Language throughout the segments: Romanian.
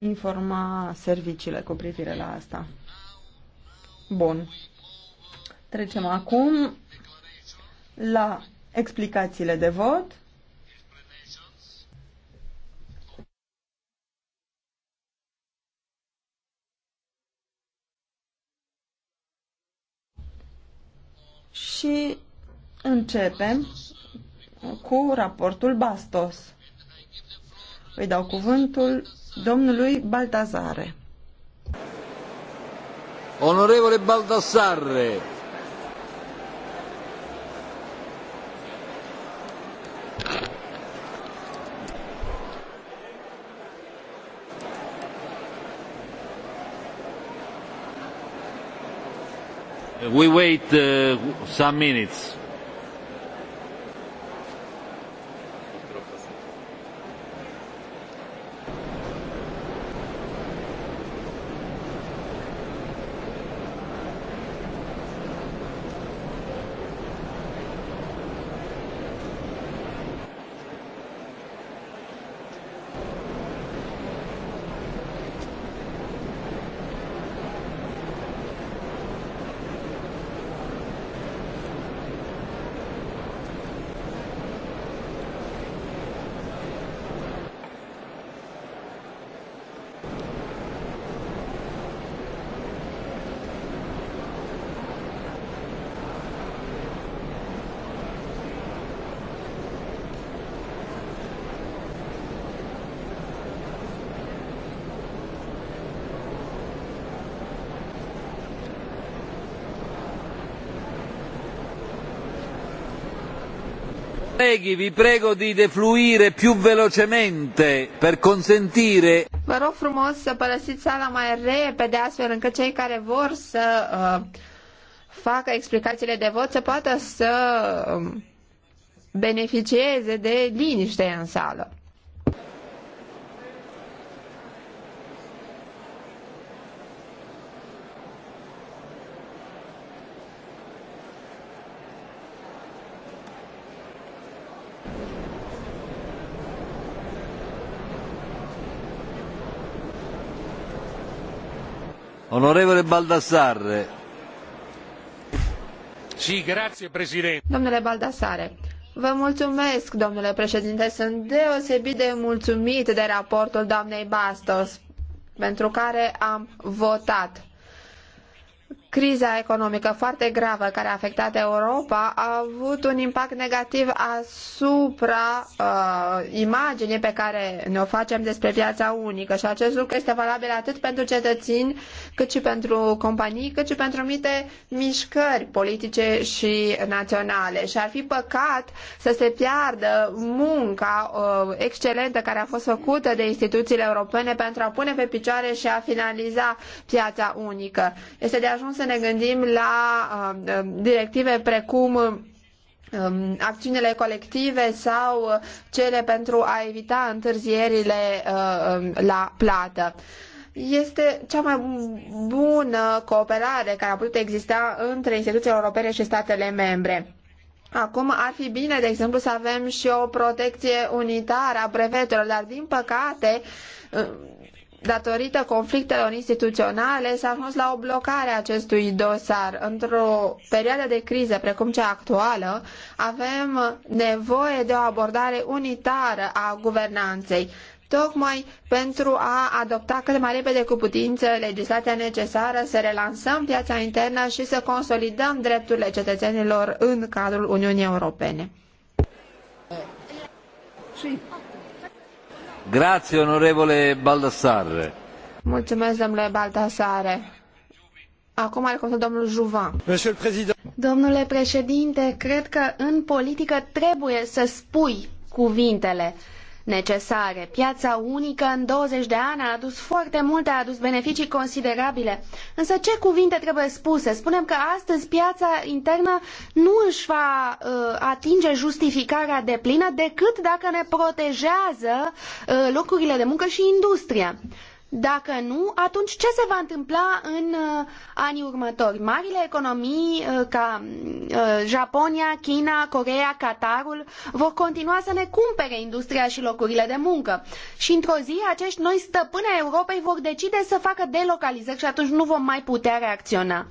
informa serviciile cu privire la asta. Bun. Trecem acum la explicațiile de vot. Și începem cu raportul Bastos. Îi dau cuvântul domnului Baltazare. Onorevole Baldassarre. We wait uh, some minutes. Colleghi, vi prego di defluire più velocemente per consentire... Vă rog frumos să părăsiți sala mai repede, astfel încât cei care vor să uh, facă explicațiile de vot să poată să uh, beneficieze de liniște în sală. domnule Baldassarre. Baldassare, Vă mulțumesc, domnule președinte. Sunt deosebit de mulțumit de raportul doamnei Bastos, pentru care am votat criza economică foarte gravă care a afectat Europa a avut un impact negativ asupra uh, imaginii pe care ne-o facem despre piața unică și acest lucru este valabil atât pentru cetățeni cât și pentru companii, cât și pentru anumite mișcări politice și naționale și ar fi păcat să se piardă munca uh, excelentă care a fost făcută de instituțiile europene pentru a pune pe picioare și a finaliza piața unică. Este de ajuns să ne gândim la uh, uh, directive precum um, acțiunile colective sau cele pentru a evita întârzierile uh, um, la plată. Este cea mai bună cooperare care a putut exista între instituțiile europene și statele membre. Acum ar fi bine, de exemplu, să avem și o protecție unitară a brevetelor, dar din păcate datorită conflictelor instituționale s-a ajuns la o blocare a acestui dosar. Într-o perioadă de criză precum cea actuală, avem nevoie de o abordare unitară a guvernanței tocmai pentru a adopta cât mai repede cu putință legislația necesară să relansăm piața internă și să consolidăm drepturile cetățenilor în cadrul Uniunii Europene. Mulțumesc, domnule Baldassare. Acum are cuvântul domnul Juvan. Domnule președinte, cred că în politică trebuie să spui cuvintele necesare. Piața unică în 20 de ani a adus foarte multe, a adus beneficii considerabile. Însă ce cuvinte trebuie spuse? Spunem că astăzi piața internă nu își va uh, atinge justificarea deplină decât dacă ne protejează uh, locurile de muncă și industria. Dacă nu, atunci ce se va întâmpla în uh, anii următori? Marile economii uh, ca uh, Japonia, China, Coreea, Qatarul vor continua să ne cumpere industria și locurile de muncă. Și într-o zi acești noi stăpâni ai Europei vor decide să facă delocalizări și atunci nu vom mai putea reacționa.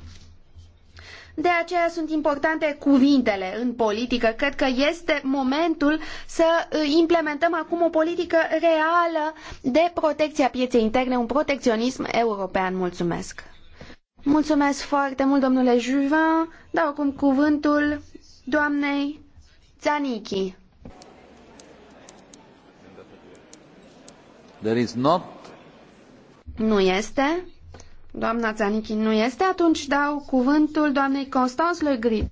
De aceea sunt importante cuvintele în politică. Cred că este momentul să uh, implementăm acum o politică reală de protecție a pieței interne, un protecționism european. Mulțumesc! Mulțumesc foarte mult, domnule Juvin. Dau acum cuvântul doamnei Țanichi. There is not... Nu este. Doamna Țanichi nu este, atunci dau cuvântul doamnei Constans Le Grip.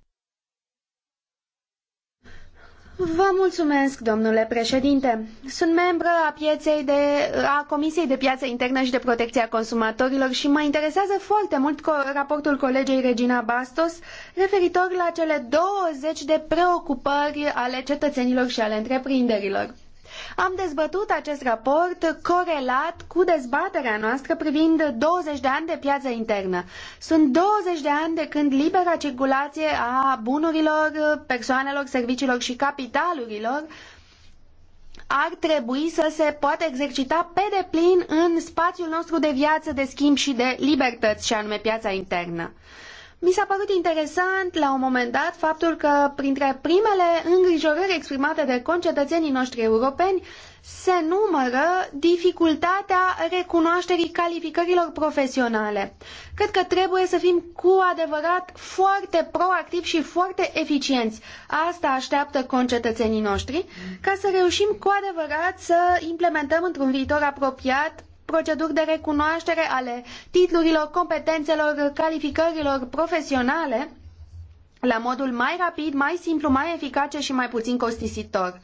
Vă mulțumesc, domnule președinte. Sunt membră a, pieței de, a Comisiei de Piață Internă și de Protecție a Consumatorilor și mă interesează foarte mult raportul colegei Regina Bastos referitor la cele 20 de preocupări ale cetățenilor și ale întreprinderilor. Am dezbătut acest raport corelat cu dezbaterea noastră privind 20 de ani de piață internă. Sunt 20 de ani de când libera circulație a bunurilor, persoanelor, serviciilor și capitalurilor ar trebui să se poată exercita pe deplin în spațiul nostru de viață, de schimb și de libertăți, și anume piața internă. Mi s-a părut interesant la un moment dat faptul că printre primele îngrijorări exprimate de concetățenii noștri europeni se numără dificultatea recunoașterii calificărilor profesionale. Cred că trebuie să fim cu adevărat foarte proactivi și foarte eficienți. Asta așteaptă concetățenii noștri ca să reușim cu adevărat să implementăm într-un viitor apropiat proceduri de recunoaștere ale titlurilor, competențelor, calificărilor profesionale la modul mai rapid, mai simplu, mai eficace și mai puțin costisitor.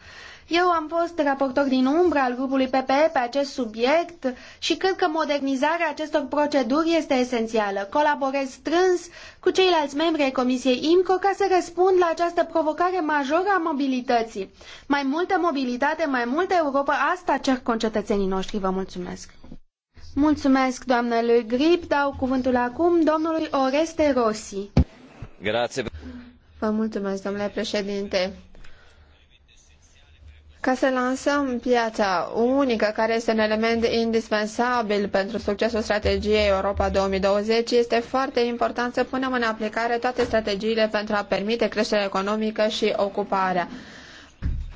Eu am fost raportor din umbră al grupului PPE pe acest subiect și cred că modernizarea acestor proceduri este esențială. Colaborez strâns cu ceilalți membri ai Comisiei IMCO ca să răspund la această provocare majoră a mobilității. Mai multă mobilitate, mai multă Europa, asta cer concetățenii noștri. Vă mulțumesc! Mulțumesc, doamnă Grip. Dau cuvântul acum domnului Oreste Rossi. Grație. Vă mulțumesc, domnule președinte. Ca să lansăm piața unică, care este un element indispensabil pentru succesul strategiei Europa 2020, este foarte important să punem în aplicare toate strategiile pentru a permite creșterea economică și ocuparea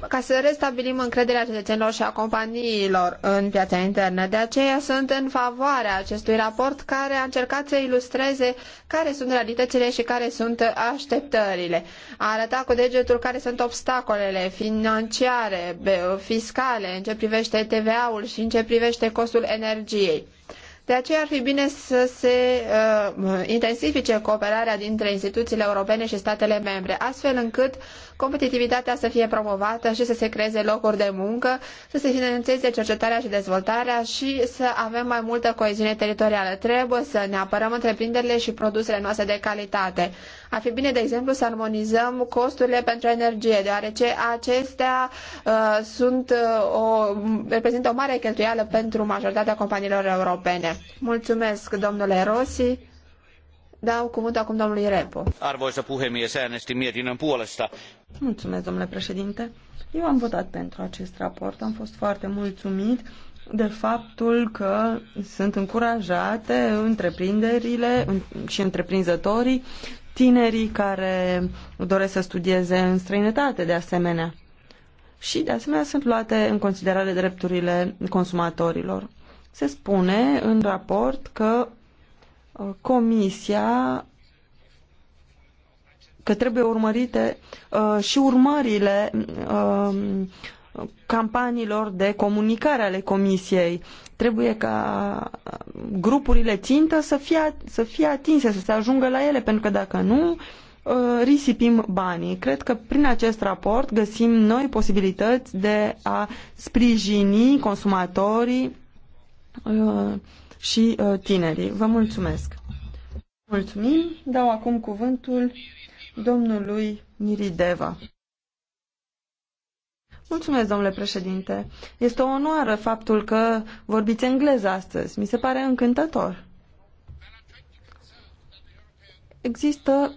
ca să restabilim încrederea cetățenilor și a companiilor în piața internă. De aceea sunt în favoarea acestui raport care a încercat să ilustreze care sunt realitățile și care sunt așteptările. A arătat cu degetul care sunt obstacolele financiare, fiscale, în ce privește TVA-ul și în ce privește costul energiei. De aceea ar fi bine să se uh, intensifice cooperarea dintre instituțiile europene și statele membre, astfel încât competitivitatea să fie promovată și să se creeze locuri de muncă, să se finanțeze cercetarea și dezvoltarea și să avem mai multă coeziune teritorială. Trebuie să ne apărăm întreprinderile și produsele noastre de calitate. Ar fi bine, de exemplu, să armonizăm costurile pentru energie, deoarece acestea uh, sunt uh, o, reprezintă o mare cheltuială pentru majoritatea companiilor europene. Mulțumesc, domnule Rossi. Dau cuvântul acum domnului Repo. Arvoisa puhemies, äänestin mietinnön puolesta. Mulțumesc, domnule președinte. Eu am votat pentru acest raport, am fost foarte mulțumit de faptul că sunt încurajate întreprinderile și întreprinzătorii tinerii care doresc să studieze în străinătate, de asemenea. Și, de asemenea, sunt luate în considerare drepturile consumatorilor. Se spune în raport că uh, Comisia că trebuie urmărite uh, și urmările uh, campaniilor de comunicare ale Comisiei Trebuie ca grupurile țintă să fie, să fie atinse, să se ajungă la ele, pentru că dacă nu, uh, risipim banii. Cred că prin acest raport găsim noi posibilități de a sprijini consumatorii uh, și uh, tinerii. Vă mulțumesc! Mulțumim! Dau acum cuvântul domnului Nirideva. Mulțumesc, domnule președinte. Este o onoară faptul că vorbiți engleză astăzi. Mi se pare încântător. Există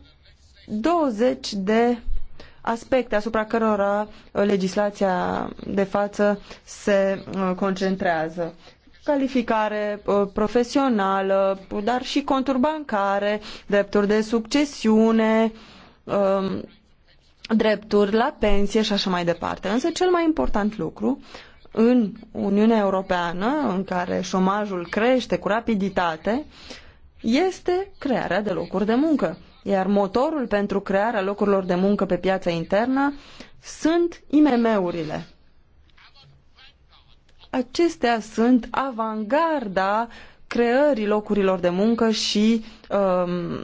20 de aspecte asupra cărora legislația de față se uh, concentrează. Calificare uh, profesională, dar și conturi bancare, drepturi de succesiune, um, drepturi la pensie și așa mai departe. Însă cel mai important lucru în Uniunea Europeană, în care șomajul crește cu rapiditate, este crearea de locuri de muncă. Iar motorul pentru crearea locurilor de muncă pe piața internă sunt IMM-urile. Acestea sunt avangarda creării locurilor de muncă și um,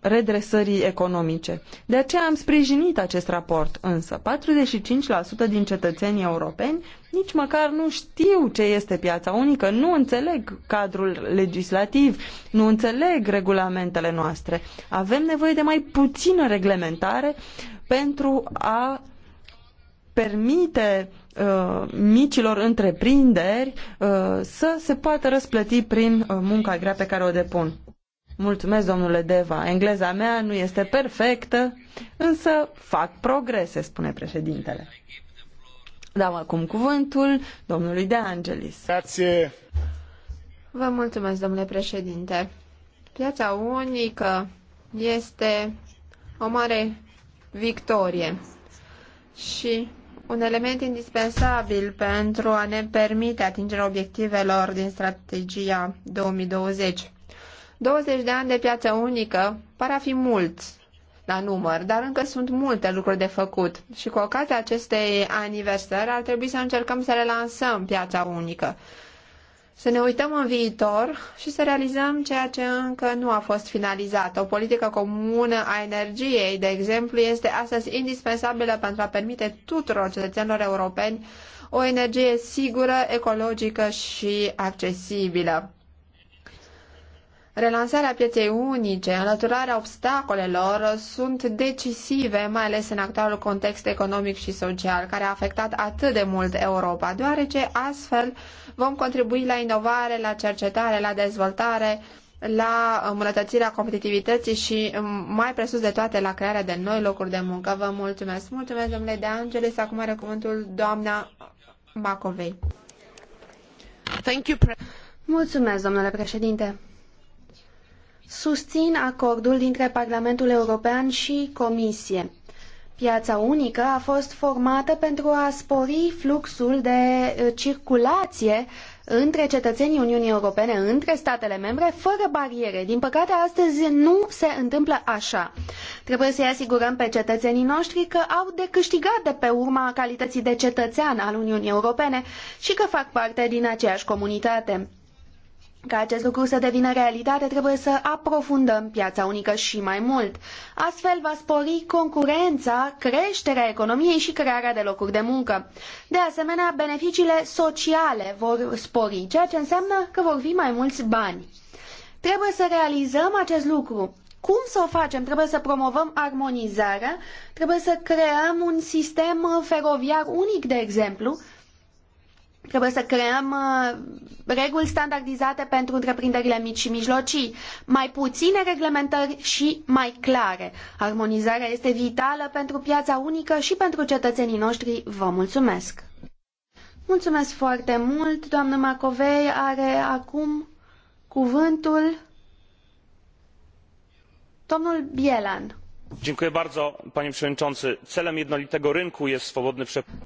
redresării economice. De aceea am sprijinit acest raport, însă 45% din cetățenii europeni nici măcar nu știu ce este piața unică, nu înțeleg cadrul legislativ, nu înțeleg regulamentele noastre. Avem nevoie de mai puțină reglementare pentru a permite Uh, micilor întreprinderi uh, să se poată răsplăti prin uh, munca grea pe care o depun. Mulțumesc, domnule Deva. Engleza mea nu este perfectă, însă fac progrese, spune președintele. Dau acum cuvântul domnului De Angelis. Grație. Vă mulțumesc, domnule președinte. Piața unică este o mare victorie și un element indispensabil pentru a ne permite atingerea obiectivelor din strategia 2020. 20 de ani de piață unică pare a fi mult la număr, dar încă sunt multe lucruri de făcut și cu ocazia acestei aniversări ar trebui să încercăm să relansăm piața unică să ne uităm în viitor și să realizăm ceea ce încă nu a fost finalizat. O politică comună a energiei, de exemplu, este astăzi indispensabilă pentru a permite tuturor cetățenilor europeni o energie sigură, ecologică și accesibilă. Relansarea pieței unice, înlăturarea obstacolelor sunt decisive, mai ales în actualul context economic și social, care a afectat atât de mult Europa, deoarece astfel vom contribui la inovare, la cercetare, la dezvoltare, la îmbunătățirea competitivității și, mai presus de toate, la crearea de noi locuri de muncă. Vă mulțumesc! Mulțumesc, domnule De Angelis. Acum are cuvântul doamna Macovei. Mulțumesc, domnule președinte! susțin acordul dintre Parlamentul European și Comisie. Piața unică a fost formată pentru a spori fluxul de uh, circulație între cetățenii Uniunii Europene, între statele membre, fără bariere. Din păcate, astăzi nu se întâmplă așa. Trebuie să-i asigurăm pe cetățenii noștri că au de câștigat de pe urma calității de cetățean al Uniunii Europene și că fac parte din aceeași comunitate. Ca acest lucru să devină realitate, trebuie să aprofundăm piața unică și mai mult. Astfel va spori concurența, creșterea economiei și crearea de locuri de muncă. De asemenea, beneficiile sociale vor spori, ceea ce înseamnă că vor fi mai mulți bani. Trebuie să realizăm acest lucru. Cum să o facem? Trebuie să promovăm armonizarea, trebuie să creăm un sistem feroviar unic, de exemplu, Trebuie să creăm uh, reguli standardizate pentru întreprinderile mici și mijlocii, mai puține reglementări și mai clare. Armonizarea este vitală pentru piața unică și pentru cetățenii noștri. Vă mulțumesc! Mulțumesc foarte mult, doamnă Macovei. Are acum cuvântul domnul Bielan celem jednolitego rynku jest swobodny przepływ.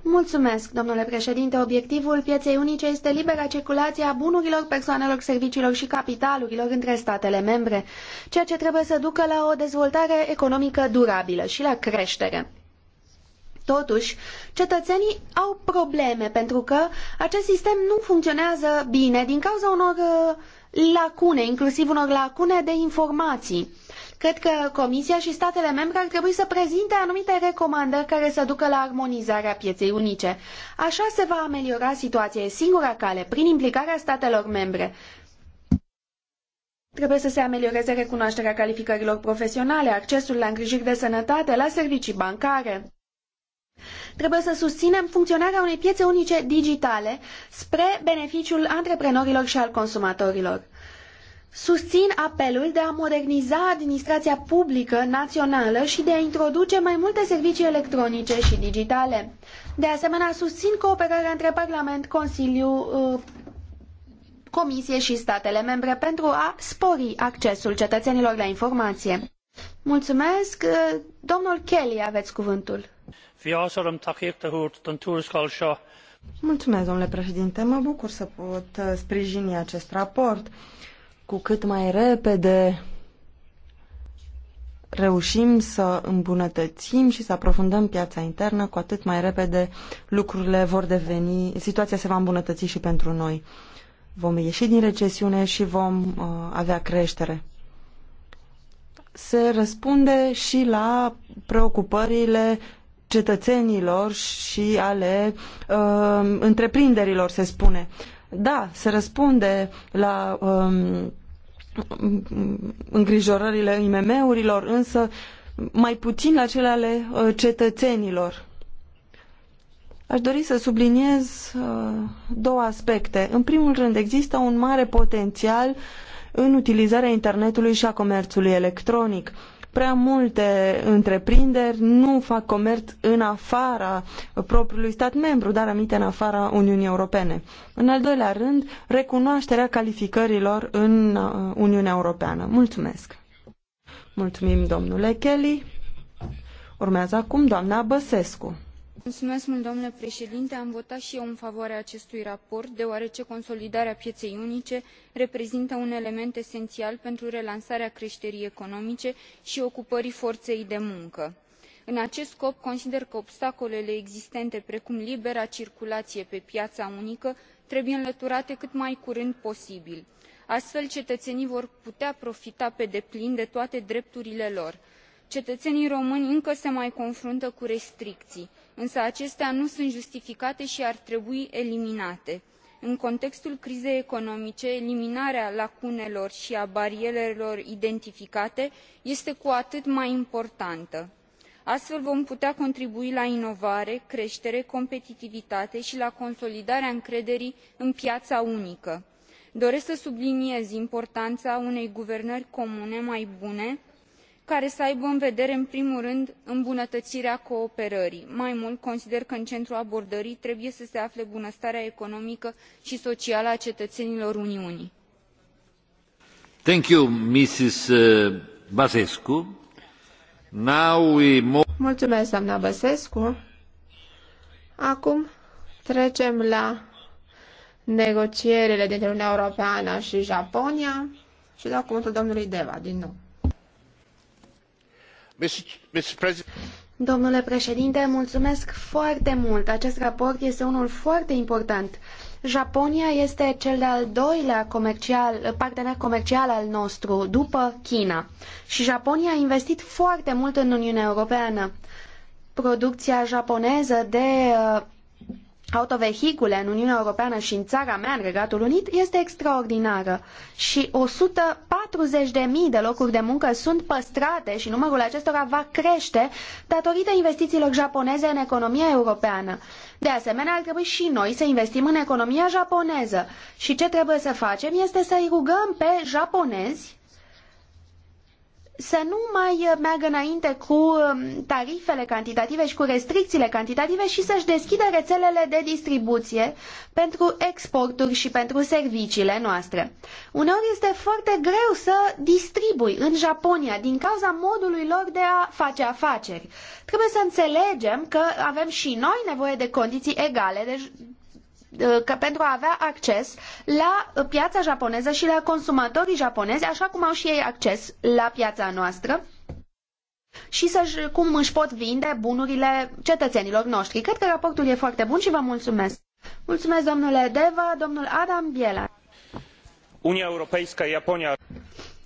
obiectivul pieței unice este libera circulație a bunurilor persoanelor serviciilor și capitalurilor între statele membre ceea ce trebuie să ducă la o dezvoltare economică durabilă și la creștere. Totuși, cetățenii au probleme pentru că acest sistem nu funcționează bine din cauza unor uh, lacune, inclusiv unor lacune de informații Cred că Comisia și statele membre ar trebui să prezinte anumite recomandări care să ducă la armonizarea pieței unice. Așa se va ameliora situația. singura cale, prin implicarea statelor membre. Trebuie să se amelioreze recunoașterea calificărilor profesionale, accesul la îngrijiri de sănătate, la servicii bancare. Trebuie să susținem funcționarea unei piețe unice digitale spre beneficiul antreprenorilor și al consumatorilor. Susțin apelul de a moderniza administrația publică națională și de a introduce mai multe servicii electronice și digitale. De asemenea, susțin cooperarea între Parlament, Consiliu, uh, Comisie și statele membre pentru a spori accesul cetățenilor la informație. Mulțumesc. Uh, domnul Kelly, aveți cuvântul. Mulțumesc, domnule președinte. Mă bucur să pot sprijini acest raport. Cu cât mai repede reușim să îmbunătățim și să aprofundăm piața internă, cu atât mai repede lucrurile vor deveni, situația se va îmbunătăți și pentru noi. Vom ieși din recesiune și vom uh, avea creștere. Se răspunde și la preocupările cetățenilor și ale uh, întreprinderilor, se spune. Da, se răspunde la um, îngrijorările IMM-urilor, însă mai puțin la cele ale uh, cetățenilor. Aș dori să subliniez uh, două aspecte. În primul rând, există un mare potențial în utilizarea internetului și a comerțului electronic. Prea multe întreprinderi nu fac comerț în afara propriului stat membru, dar aminte în afara Uniunii Europene. În al doilea rând, recunoașterea calificărilor în uh, Uniunea Europeană. Mulțumesc! Mulțumim, domnule Kelly. Urmează acum doamna Băsescu am votat i eu în favoarea acestui raport deoarece consolidarea pieei unice reprezintă un element esenial pentru relansarea creterii economice i ocupării forei de muncă. în acest scop consider că obstacolele existente precum libera circulaie pe piaa unică trebuie înlăturate cât mai curând posibil. astfel cetăenii vor putea profita pe deplin de toate drepturile lor. cetăenii români încă se mai confruntă cu restricii însă acestea nu sunt justificate i ar trebui eliminate. în contextul crizei economice eliminarea lacunelor i a barierelor identificate este cu atât mai importantă. astfel vom putea contribui la inovare cretere competitivitate i la consolidarea încrederii în piaa unică. doresc să subliniez importana unei guvernări comune mai bune care să aibă în vedere în primul rând îmbunătăirea cooperării. mai mult consider că în centrul abordării trebuie să se afle bunăstarea economică i socială a cetăenilor uniunii. Uh, Mulțumesc, doamna Băsescu. Acum trecem la negocierile dintre Uniunea Europeană și Japonia și dau cuvântul domnului Deva din nou. Domnule președinte, mulțumesc foarte mult. Acest raport este unul foarte important. Japonia este cel de-al doilea partener comercial al nostru, după China. Și Japonia a investit foarte mult în Uniunea Europeană. producia japoneză de uh, autovehicule în Uniunea Europeană și în țara mea, în Regatul Unit, este extraordinară și 140.000 de locuri de muncă sunt păstrate și numărul acestora va crește datorită investițiilor japoneze în economia europeană. De asemenea, ar trebui și noi să investim în economia japoneză și ce trebuie să facem este să-i rugăm pe japonezi să nu mai meargă înainte cu um, tarifele cantitative și cu restricțiile cantitative și să-și deschidă rețelele de distribuție pentru exporturi și pentru serviciile noastre. Uneori este foarte greu să distribui în Japonia din cauza modului lor de a face afaceri. Trebuie să înțelegem că avem și noi nevoie de condiții egale de Uh, că pentru a avea acces la piața japoneză și la consumatorii japonezi, așa cum au și ei acces la piața noastră și să cum își pot vinde bunurile cetățenilor noștri. Cred că raportul e foarte bun și vă mulțumesc. Mulțumesc, domnule Deva, domnul Adam Biela. Uniunea Europeană, Japonia.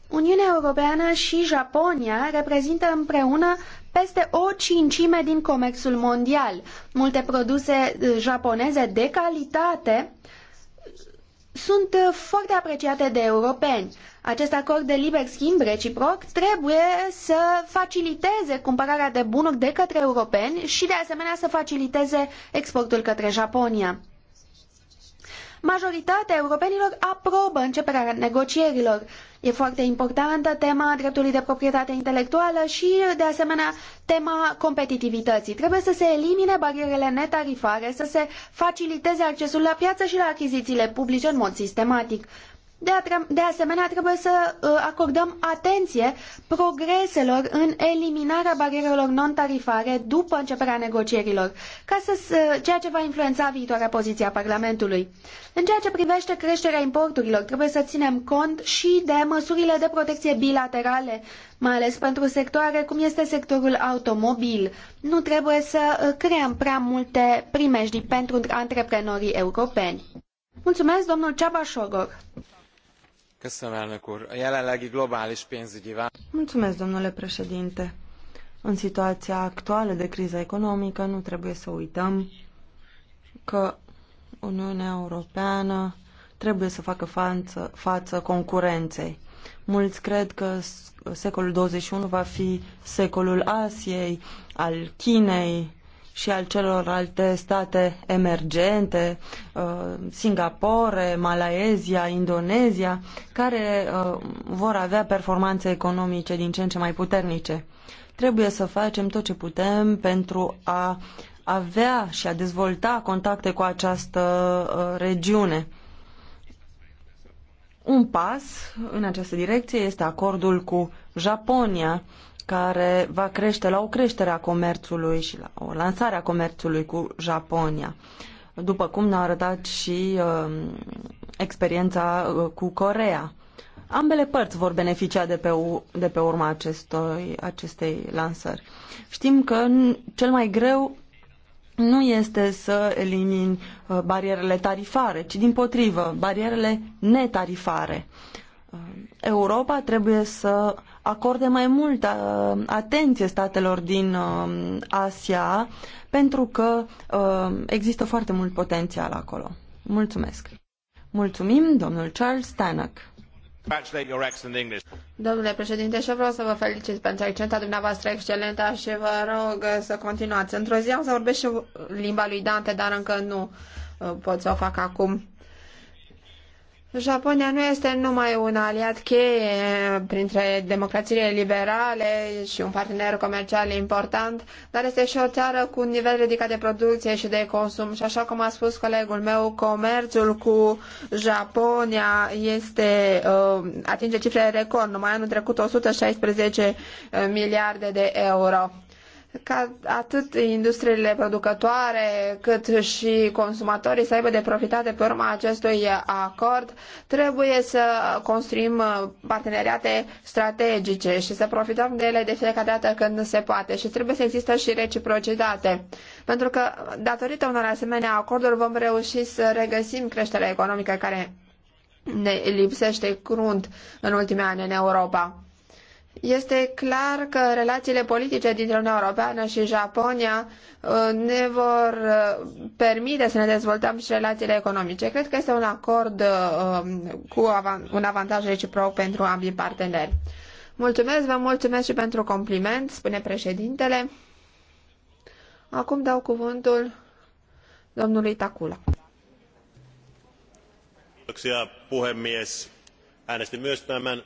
Uniunea Europeană și Japonia reprezintă împreună peste o cincime din comerțul mondial. Multe produse eh, japoneze de calitate sunt eh, foarte apreciate de europeni. Acest acord de liber schimb reciproc trebuie să faciliteze cumpărarea de bunuri de către europeni și de asemenea să faciliteze exportul către Japonia majoritatea europenilor aprobă începerea negocierilor. E foarte importantă tema dreptului de proprietate intelectuală și, de asemenea, tema competitivității. Trebuie să se elimine barierele netarifare, să se faciliteze accesul la piață și la achizițiile publice în mod sistematic. De, de asemenea, trebuie să uh, acordăm atenție progreselor în eliminarea barierelor non-tarifare după începerea negocierilor, ca să, uh, ceea ce va influența viitoarea poziție a Parlamentului. În ceea ce privește creșterea importurilor, trebuie să ținem cont și de măsurile de protecție bilaterale, mai ales pentru sectoare cum este sectorul automobil. Nu trebuie să uh, creăm prea multe primejdii pentru antreprenorii europeni. Mulțumesc, domnul Ceaba Mulțumesc, domnule președinte. În situația actuală de criză economică nu trebuie să uităm că Uniunea Europeană trebuie să facă față, față concurenței. Mulți cred că secolul 21 va fi secolul Asiei, al Chinei, și al celorlalte state emergente, uh, Singapore, Malaezia, Indonezia, care uh, vor avea performanțe economice din ce în ce mai puternice. Trebuie să facem tot ce putem pentru a avea și a dezvolta contacte cu această uh, regiune. Un pas în această direcție este acordul cu Japonia, care va crește la o creștere a comerțului și la o lansare a comerțului cu Japonia. După cum ne-a arătat și uh, experiența uh, cu Corea. Ambele părți vor beneficia de pe, de pe urma acestui, acestei lansări. Știm că cel mai greu nu este să elimini uh, barierele tarifare, ci din potrivă, barierele netarifare. Uh, Europa trebuie să acorde mai multă uh, atenție statelor din uh, Asia, pentru că uh, există foarte mult potențial acolo. Mulțumesc! Mulțumim, domnul Charles Stanek. Domnule președinte, și vreau să vă felicit pentru accenta dumneavoastră excelentă și vă rog să continuați. Într-o zi am să vorbesc și limba lui Dante, dar încă nu pot să o fac acum. Japonia nu este numai un aliat cheie printre democrațiile liberale și un partener comercial important, dar este și o țară cu un nivel ridicat de producție și de consum și așa cum a spus colegul meu, comerțul cu Japonia este uh, atinge cifre record, numai anul trecut 116 miliarde de euro ca atât industriile producătoare cât și consumatorii să aibă de profitat de pe urma acestui acord, trebuie să construim parteneriate strategice și să profităm de ele de fiecare dată când se poate și trebuie să existe și reciprocitate. Pentru că datorită unor asemenea acorduri vom reuși să regăsim creșterea economică care ne lipsește crunt în ultimii ani în Europa. Este clar că relațiile politice dintre Uniunea Europeană și Japonia uh, ne vor uh, permite să ne dezvoltăm și relațiile economice. Cred că este un acord uh, cu un avantaj reciproc pentru ambii parteneri. Mulțumesc, vă mulțumesc și pentru compliment, spune președintele. Acum dau cuvântul domnului Tacula. puhemies. Äänestin myös tämän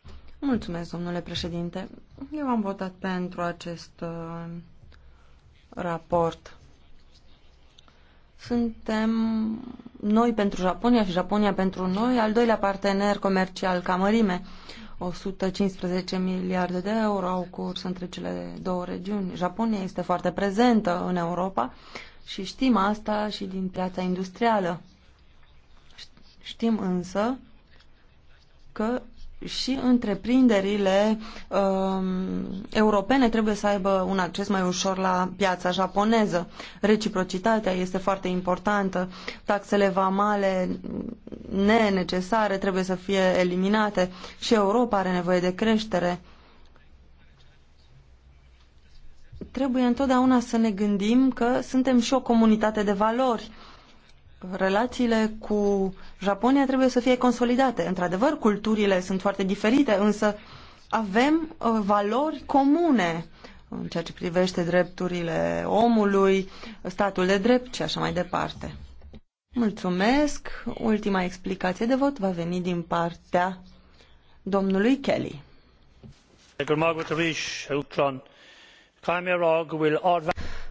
Mulțumesc, domnule președinte. Eu am votat pentru acest uh, raport. Suntem noi pentru Japonia și Japonia pentru noi, al doilea partener comercial ca mărime. 115 miliarde de euro au curs între cele două regiuni. Japonia este foarte prezentă în Europa și știm asta și din piața industrială. Știm însă că și întreprinderile um, europene trebuie să aibă un acces mai ușor la piața japoneză. Reciprocitatea este foarte importantă. Taxele vamale nenecesare trebuie să fie eliminate și Europa are nevoie de creștere. Trebuie întotdeauna să ne gândim că suntem și o comunitate de valori relațiile cu Japonia trebuie să fie consolidate. Într-adevăr, culturile sunt foarte diferite, însă avem uh, valori comune în ceea ce privește drepturile omului, statul de drept și așa mai departe. Mulțumesc. Ultima explicație de vot va veni din partea domnului Kelly.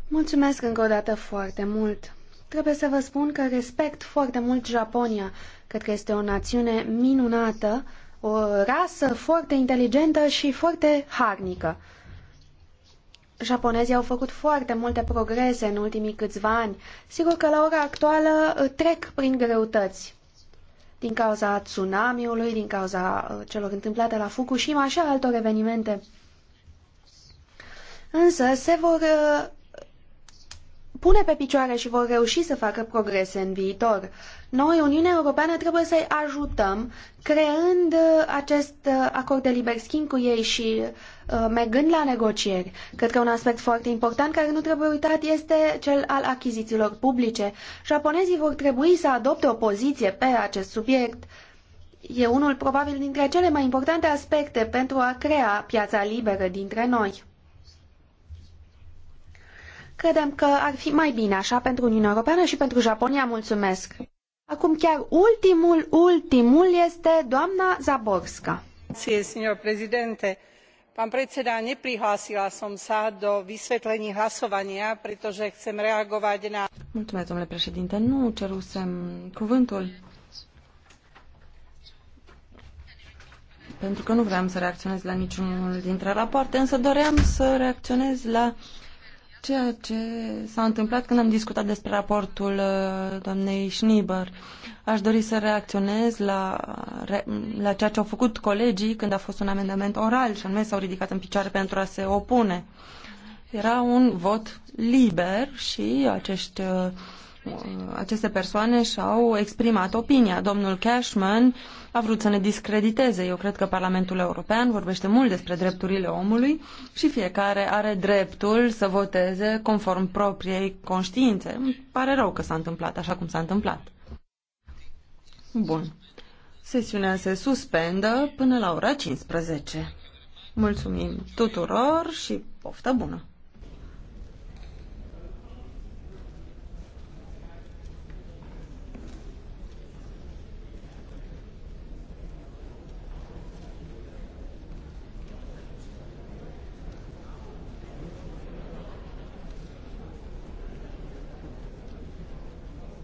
Mulțumesc încă o dată foarte mult. Trebuie să vă spun că respect foarte mult Japonia. Cred că este o națiune minunată, o rasă foarte inteligentă și foarte harnică. Japonezii au făcut foarte multe progrese în ultimii câțiva ani. Sigur că la ora actuală uh, trec prin greutăți. Din cauza tsunamiului, din cauza uh, celor întâmplate la Fukushima și altor evenimente. Însă se vor uh, pune pe picioare și vor reuși să facă progrese în viitor. Noi, Uniunea Europeană, trebuie să-i ajutăm creând uh, acest uh, acord de liber schimb cu ei și uh, mergând la negocieri. Cred că un aspect foarte important care nu trebuie uitat este cel al achizițiilor publice. Japonezii vor trebui să adopte o poziție pe acest subiect. E unul probabil dintre cele mai importante aspecte pentru a crea piața liberă dintre noi. Credem că ar fi mai bine așa pentru Uniunea Europeană și pentru Japonia. Mulțumesc! Acum chiar ultimul, ultimul este doamna Zaborska. Signor prezidente, pán predseda, neprihlásila som sa do vysvetlení hlasovania, pretože chcem reagovať na... Mulțumesc, domnule președinte. Nu cerusem cuvântul. pentru că nu vreau să reacționez la niciunul dintre rapoarte, însă doream să reacționez la ceea ce s-a întâmplat când am discutat despre raportul uh, doamnei Schnieber. Aș dori să reacționez la, la ceea ce au făcut colegii când a fost un amendament oral și anume s-au ridicat în picioare pentru a se opune. Era un vot liber și acești uh, aceste persoane și-au exprimat opinia. Domnul Cashman a vrut să ne discrediteze. Eu cred că Parlamentul European vorbește mult despre drepturile omului și fiecare are dreptul să voteze conform propriei conștiințe. Îmi pare rău că s-a întâmplat așa cum s-a întâmplat. Bun. Sesiunea se suspendă până la ora 15. Mulțumim tuturor și poftă bună!